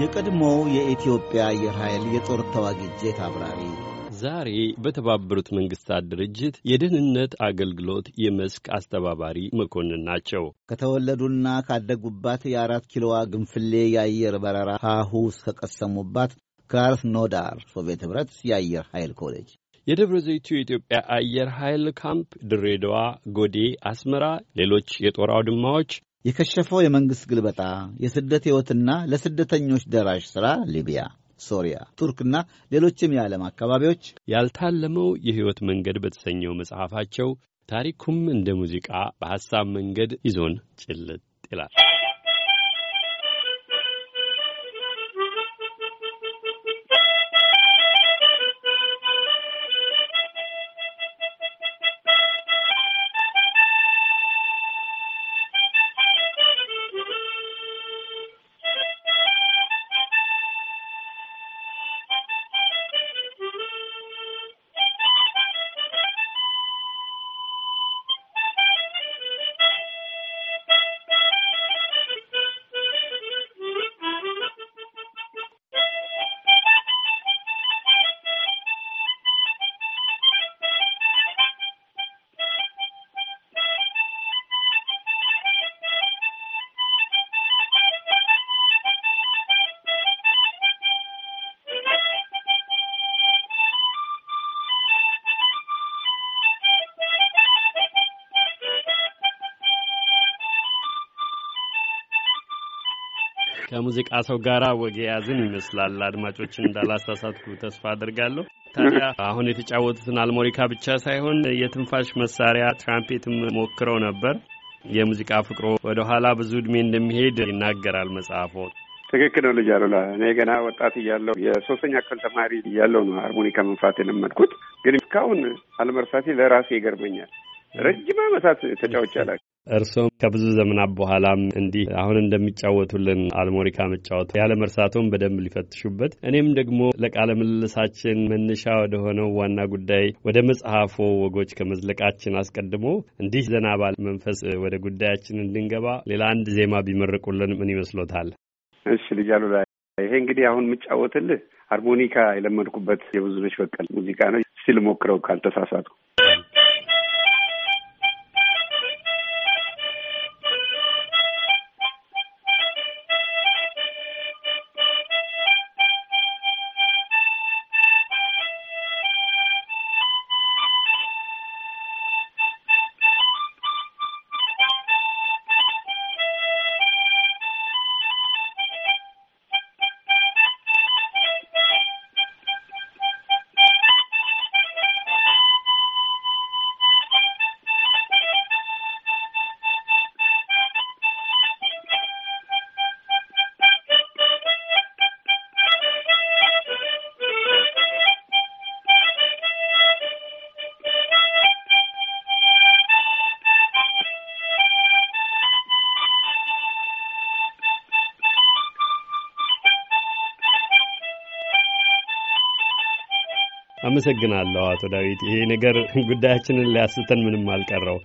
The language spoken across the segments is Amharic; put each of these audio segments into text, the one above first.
የቀድሞው የኢትዮጵያ አየር ኃይል የጦር ተዋጊ ጄት አብራሪ ዛሬ በተባበሩት መንግስታት ድርጅት የደህንነት አገልግሎት የመስክ አስተባባሪ መኮንን ናቸው። ከተወለዱና ካደጉባት የአራት ኪሎዋ ግንፍሌ የአየር በረራ ሀሁ ከቀሰሙባት ክራስኖዳር ሶቪየት ኅብረት የአየር ኃይል ኮሌጅ የደብረ ዘይቱ የኢትዮጵያ አየር ኃይል ካምፕ፣ ድሬዳዋ፣ ጎዴ፣ አስመራ፣ ሌሎች የጦር አውድማዎች የከሸፈው የመንግሥት ግልበጣ፣ የስደት ሕይወትና ለስደተኞች ደራሽ ሥራ ሊቢያ፣ ሶሪያ፣ ቱርክና ሌሎችም የዓለም አካባቢዎች ያልታለመው የሕይወት መንገድ በተሰኘው መጽሐፋቸው ታሪኩም እንደ ሙዚቃ በሐሳብ መንገድ ይዞን ጭልጥ ይላል። ከሙዚቃ ሰው ጋራ ወግ የያዝን ይመስላል። አድማጮችን እንዳላስታሳትኩ ተስፋ አድርጋለሁ። ታዲያ አሁን የተጫወቱትን አልሞሪካ ብቻ ሳይሆን የትንፋሽ መሳሪያ ትራምፔትም ሞክረው ነበር። የሙዚቃ ፍቅሮ ወደኋላ ብዙ እድሜ እንደሚሄድ ይናገራል መጽሐፎ። ትክክል ነው ልጅ አሉላ። እኔ ገና ወጣት እያለው የሶስተኛ ክፍል ተማሪ እያለው ነው ሃርሞኒካ መንፋት የለመድኩት። ግን እስካሁን አለመርሳቴ ለራሴ ይገርመኛል። ረጅም ዓመታት ተጫውቻለሁ። እርሶም ከብዙ ዘመናት በኋላም እንዲህ አሁን እንደሚጫወቱልን አልሞሪካ መጫወት ያለ መርሳቶም በደንብ ሊፈትሹበት እኔም ደግሞ ለቃለ ምልልሳችን መነሻ ወደሆነው ዋና ጉዳይ ወደ መጽሐፎ ወጎች ከመዝለቃችን አስቀድሞ እንዲህ ዘና ባለ መንፈስ ወደ ጉዳያችን እንድንገባ ሌላ አንድ ዜማ ቢመርቁልን ምን ይመስሎታል? እሺ ልጅ ላይ ይሄ እንግዲህ አሁን የምጫወትልህ ሃርሞኒካ የለመድኩበት የብዙነሽ በቀል ሙዚቃ ነው። እስቲ ልሞክረው ካልተሳሳትኩ አመሰግናለሁ አቶ ዳዊት። ይሄ ነገር ጉዳያችንን ሊያስተን ምንም አልቀረው።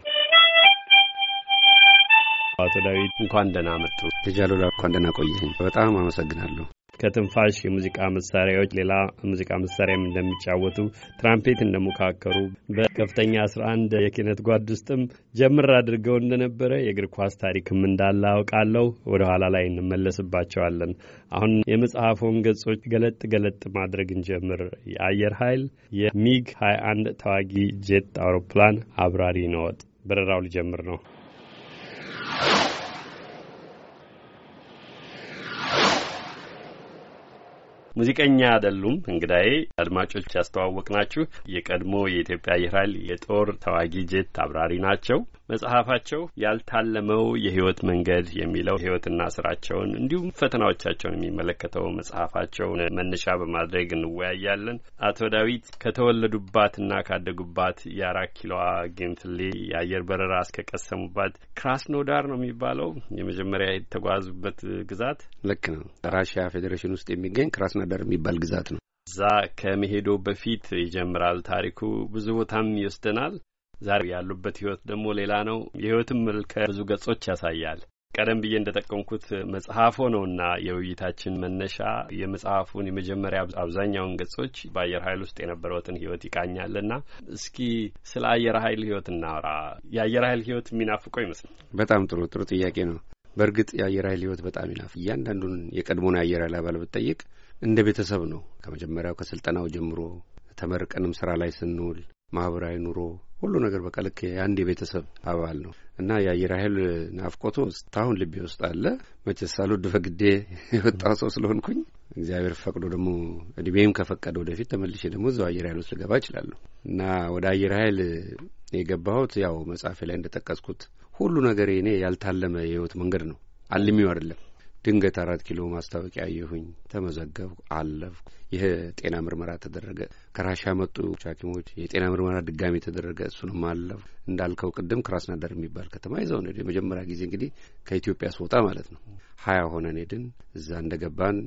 አቶ ዳዊት እንኳን ደህና መጡ። ልጅ አሉላ እንኳን ደህና ቆየኝ። በጣም አመሰግናለሁ። ከትንፋሽ የሙዚቃ መሳሪያዎች ሌላ ሙዚቃ መሳሪያም እንደሚጫወቱ ትራምፔት እንደሞካከሩ በከፍተኛ አስራ አንድ የኪነት ጓድ ውስጥም ጀምር አድርገው እንደነበረ የእግር ኳስ ታሪክም እንዳለ አውቃለሁ። ወደ ኋላ ላይ እንመለስባቸዋለን። አሁን የመጽሐፎን ገጾች ገለጥ ገለጥ ማድረግ እንጀምር። የአየር ኃይል የሚግ 21 ተዋጊ ጄት አውሮፕላን አብራሪ ነዎት። በረራው ሊጀምር ነው። ሙዚቀኛ አይደሉም እንግዳዬ። አድማጮች ያስተዋወቅ ናችሁ የቀድሞ የኢትዮጵያ አየር ኃይል የጦር ተዋጊ ጄት አብራሪ ናቸው። መጽሐፋቸው ያልታለመው የህይወት መንገድ የሚለው ህይወትና ስራቸውን እንዲሁም ፈተናዎቻቸውን የሚመለከተው መጽሐፋቸውን መነሻ በማድረግ እንወያያለን። አቶ ዳዊት ከተወለዱባትና ካደጉባት የአራት ኪሎዋ ጌንትሌ የአየር በረራ እስከቀሰሙባት ክራስኖዳር ነው የሚባለው የመጀመሪያ የተጓዙበት ግዛት ልክ ነው። ራሽያ ፌዴሬሽን ውስጥ የሚገኝ ክራስኖዳር የሚባል ግዛት ነው። እዛ ከመሄዶ በፊት ይጀምራል ታሪኩ። ብዙ ቦታም ይወስደናል። ዛሬ ያሉበት ህይወት ደግሞ ሌላ ነው። የህይወትም መልከ ብዙ ገጾች ያሳያል። ቀደም ብዬ እንደ ጠቀምኩት መጽሐፎ ነውና የውይይታችን መነሻ የመጽሐፉን የመጀመሪያ አብዛኛውን ገጾች በአየር ኃይል ውስጥ የነበረውትን ህይወት ይቃኛልና እስኪ ስለ አየር ኃይል ህይወት እናውራ። የአየር ኃይል ህይወት የሚናፍቀው ይመስላል። በጣም ጥሩ ጥሩ ጥያቄ ነው። በእርግጥ የአየር ኃይል ህይወት በጣም ይናፍ እያንዳንዱን የቀድሞን የአየር ኃይል አባል ብጠይቅ እንደ ቤተሰብ ነው። ከመጀመሪያው ከስልጠናው ጀምሮ ተመርቀንም ስራ ላይ ስንውል ማህበራዊ ኑሮ ሁሉ ነገር በቃ ልክ የአንድ የቤተሰብ አባል ነው እና የአየር ኃይል ናፍቆቱ እስካሁን ልቤ ውስጥ አለ። መቼስ ሳልወድ በግዴ የወጣው ሰው ስለሆንኩኝ እግዚአብሔር ፈቅዶ ደግሞ እድሜም ከፈቀደ ወደፊት ተመልሼ ደግሞ እዛው አየር ኃይል ውስጥ ልገባ እችላለሁ እና ወደ አየር ኃይል የገባሁት ያው መጽሐፌ ላይ እንደጠቀስኩት ሁሉ ነገር እኔ ያልታለመ የህይወት መንገድ ነው። አልሚው አይደለም ድንገት አራት ኪሎ ማስታወቂያ አየሁኝ፣ ተመዘገብ አለፍ ይህ ጤና ምርመራ ተደረገ። ከራሻ መጡ ሐኪሞች የጤና ምርመራ ድጋሚ ተደረገ፣ እሱንም አለፍ። እንዳልከው ቅድም ክራስናዳር የሚባል ከተማ ይዘው ነው የመጀመሪያ ጊዜ እንግዲህ ከኢትዮጵያ ስወጣ ማለት ነው። ሀያ ሆነን ሄድን። እዛ እንደ ገባን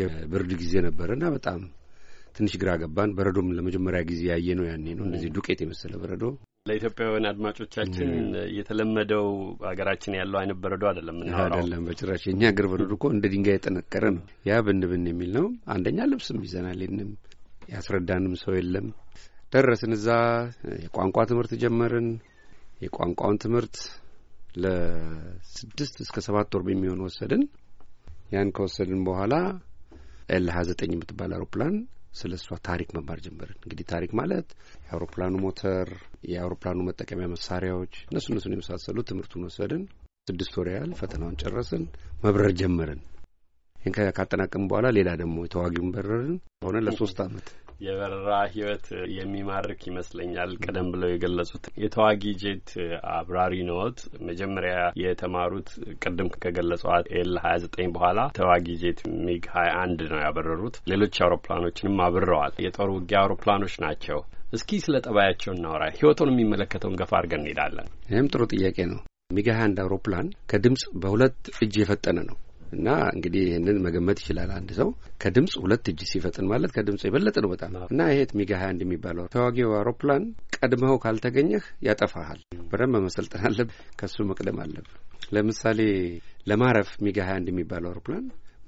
የብርድ ጊዜ ነበርና በጣም ትንሽ ግራ ገባን። በረዶም ለመጀመሪያ ጊዜ ያየ ነው ያኔ ነው። እንደዚህ ዱቄት የመሰለ በረዶ ለኢትዮጵያውያን አድማጮቻችን የተለመደው ሀገራችን ያለው አይነት በረዶ አይደለም። ምን አይደለም በጭራሽ። የእኛ ሀገር በረዶ እኮ እንደ ድንጋይ የጠነከረ ነው። ያ ብን ብን የሚል ነው። አንደኛ ልብስም ይዘናል የለም፣ ያስረዳንም ሰው የለም። ደረስን እዛ የቋንቋ ትምህርት ጀመርን። የቋንቋውን ትምህርት ለስድስት እስከ ሰባት ወር በሚሆን ወሰድን። ያን ከወሰድን በኋላ ኤል ሀያ ዘጠኝ የምትባል አውሮፕላን ስለ እሷ ታሪክ መማር ጀመርን። እንግዲህ ታሪክ ማለት የአውሮፕላኑ ሞተር፣ የአውሮፕላኑ መጠቀሚያ መሳሪያዎች፣ እነሱ እነሱን የመሳሰሉ ትምህርቱን ወሰድን። ስድስት ወር ያህል ፈተናውን ጨረስን። መብረር ጀመርን። ይህን ካጠናቀም በኋላ ሌላ ደግሞ የተዋጊውን በረርን ሆነ ለሶስት አመት የበረራ ህይወት የሚማርክ ይመስለኛል። ቀደም ብለው የገለጹት የተዋጊ ጄት አብራሪ ነዎት። መጀመሪያ የተማሩት ቅድም ከገለጿት ኤል ሀያ ዘጠኝ በኋላ ተዋጊ ጄት ሚግ ሀያ አንድ ነው ያበረሩት። ሌሎች አውሮፕላኖችንም አብረዋል። የጦር ውጊያ አውሮፕላኖች ናቸው። እስኪ ስለ ጠባያቸው እናወራ። ህይወቱን የሚመለከተውን ገፋ አድርገን እንሄዳለን። ይህም ጥሩ ጥያቄ ነው። ሚግ ሀያ አንድ አውሮፕላን ከድምጽ በሁለት እጅ የፈጠነ ነው። እና እንግዲህ ይህንን መገመት ይችላል አንድ ሰው ከድምፅ ሁለት እጅ ሲፈጥን ማለት ከድምፅ የበለጠ ነው በጣም እና ይሄ ሚግ ሀያ አንድ የሚባለው ተዋጊው አውሮፕላን ቀድመው ካልተገኘህ ያጠፋሃል። በደንብ መሰልጠን አለብ ከሱ መቅደም አለብ ለምሳሌ ለማረፍ ሚግ ሀያ አንድ የሚባለው አውሮፕላን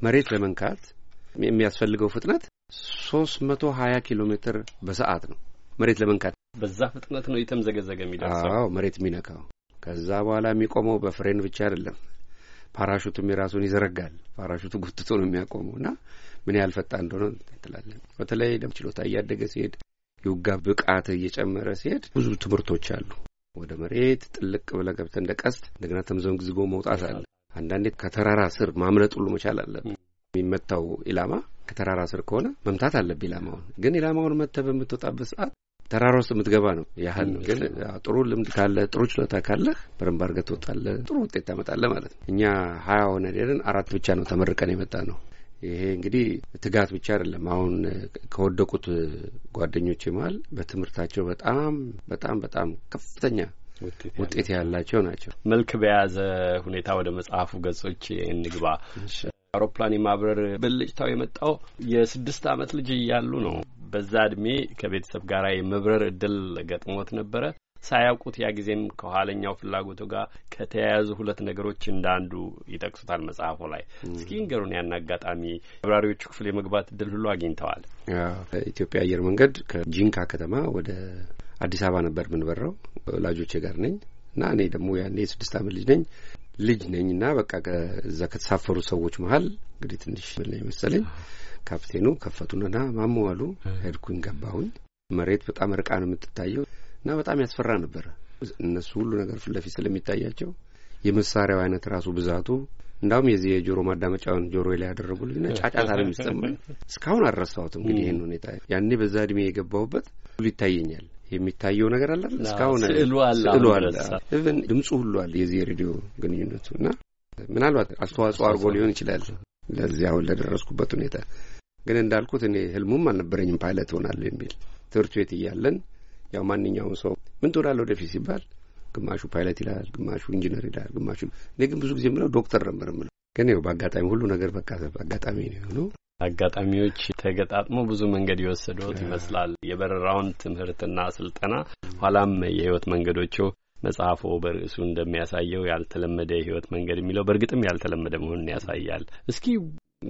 መሬት ለመንካት የሚያስፈልገው ፍጥነት ሶስት መቶ ሀያ ኪሎ ሜትር በሰዓት ነው። መሬት ለመንካት በዛ ፍጥነት ነው የተምዘገዘገ የሚደርሰው መሬት የሚነካው። ከዛ በኋላ የሚቆመው በፍሬን ብቻ አይደለም ፓራሹቱም የራሱን ይዘረጋል። ፓራሹቱ ጉትቶ ነው የሚያቆመው እና ምን ያህል ፈጣን እንደሆነ ትላለን። በተለይ ደም ችሎታ እያደገ ሲሄድ የውጋ ብቃት እየጨመረ ሲሄድ ብዙ ትምህርቶች አሉ። ወደ መሬት ጥልቅ ብለህ ገብተህ እንደ ቀስት እንደገና ተምዘግዝጎ መውጣት አለ። አንዳንዴ ከተራራ ስር ማምለጥ ሁሉ መቻል አለብህ። የሚመታው ኢላማ ከተራራ ስር ከሆነ መምታት አለብህ ኢላማውን። ግን ኢላማውን መተህ በምትወጣበት ሰዓት ተራራ ውስጥ የምትገባ ነው ያህል ነው። ግን ጥሩ ልምድ ካለ ጥሩ ችሎታ ካለህ በደንብ አድርገህ ትወጣለህ፣ ጥሩ ውጤት ታመጣለህ ማለት ነው። እኛ ሀያ ሆነ ሄደን አራት ብቻ ነው ተመርቀን የመጣ ነው። ይሄ እንግዲህ ትጋት ብቻ አይደለም። አሁን ከወደቁት ጓደኞች መሀል በትምህርታቸው በጣም በጣም በጣም ከፍተኛ ውጤት ያላቸው ናቸው። መልክ በያዘ ሁኔታ ወደ መጽሐፉ ገጾች እንግባ። አውሮፕላን የማብረር ብልጭታው የመጣው የስድስት ዓመት ልጅ እያሉ ነው። በዛ እድሜ ከቤተሰብ ጋር የመብረር እድል ገጥሞት ነበረ። ሳያውቁት ያ ጊዜም ከኋለኛው ፍላጎቱ ጋር ከተያያዙ ሁለት ነገሮች እንዳንዱ ይጠቅሱታል መጽሐፉ ላይ። እስኪ ንገሩን ያን አጋጣሚ። አብራሪዎቹ ክፍል የመግባት እድል ሁሉ አግኝተዋል። ኢትዮጵያ አየር መንገድ ከጂንካ ከተማ ወደ አዲስ አበባ ነበር የምንበረው። ወላጆቼ ጋር ነኝ እና እኔ ደግሞ ያኔ የስድስት አመት ልጅ ነኝ ልጅ ነኝ እና በቃ ከዛ ከተሳፈሩ ሰዎች መሀል እንግዲህ ትንሽ ነኝ መሰለኝ ካፕቴኑ ከፈቱንና ማመዋሉ ሄድኩኝ፣ ገባሁኝ። መሬት በጣም ርቃ ነው የምትታየው እና በጣም ያስፈራ ነበር። እነሱ ሁሉ ነገር ፊት ለፊት ስለሚታያቸው የመሳሪያው አይነት ራሱ ብዛቱ እንዳሁም የዚህ የጆሮ ማዳመጫውን ጆሮ ላይ ያደረጉልኝና ጫጫታ ነው የሚሰማኝ። እስካሁን አልረሳሁትም። እንግዲህ ይህን ሁኔታ ያኔ በዛ እድሜ የገባሁበት ሁሉ ይታየኛል። የሚታየው ነገር አለ እስካሁን ስዕሉ አለ፣ ኢቭን ድምፁ ሁሉ አለ። የዚህ የሬዲዮ ግንኙነቱ እና ምናልባት አስተዋጽኦ አድርጎ ሊሆን ይችላል ለዚህ አሁን ለደረስኩበት ሁኔታ ግን እንዳልኩት እኔ ህልሙም አልነበረኝም ፓይለት ሆናለሁ የሚል ትምህርት ቤት እያለን ያው ማንኛውም ሰው ምን ትሆናለህ ወደፊት ሲባል ግማሹ ፓይለት ይላል፣ ግማሹ ኢንጂነር ይላል፣ ግማሹ እኔ ግን ብዙ ጊዜ የምለው ዶክተር ነበር የምለው። ግን ያው በአጋጣሚ ሁሉ ነገር በቃ አጋጣሚ ነው የሆነው። አጋጣሚዎች ተገጣጥሞ ብዙ መንገድ የወሰዱት ይመስላል። የበረራውን ትምህርትና ስልጠና ኋላም የህይወት መንገዶቹ መጽሐፎ በርዕሱ እንደሚያሳየው ያልተለመደ የህይወት መንገድ የሚለው በእርግጥም ያልተለመደ መሆኑን ያሳያል። እስኪ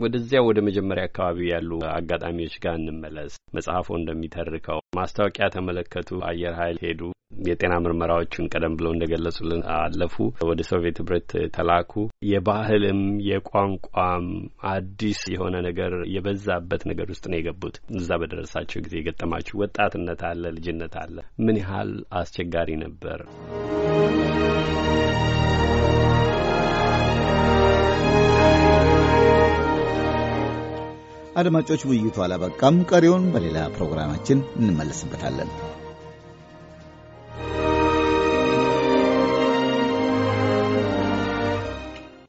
ወደዚያ ወደ መጀመሪያ አካባቢ ያሉ አጋጣሚዎች ጋር እንመለስ። መጽሐፉ እንደሚተርከው ማስታወቂያ ተመለከቱ፣ አየር ኃይል ሄዱ፣ የጤና ምርመራዎቹን ቀደም ብለው እንደገለጹልን አለፉ፣ ወደ ሶቪየት ህብረት ተላኩ። የባህልም የቋንቋም አዲስ የሆነ ነገር የበዛበት ነገር ውስጥ ነው የገቡት። እዛ በደረሳቸው ጊዜ የገጠማችሁ ወጣትነት አለ፣ ልጅነት አለ። ምን ያህል አስቸጋሪ ነበር? አድማጮች፣ ውይይቱ አላበቃም። ቀሪውን በሌላ ፕሮግራማችን እንመለስበታለን።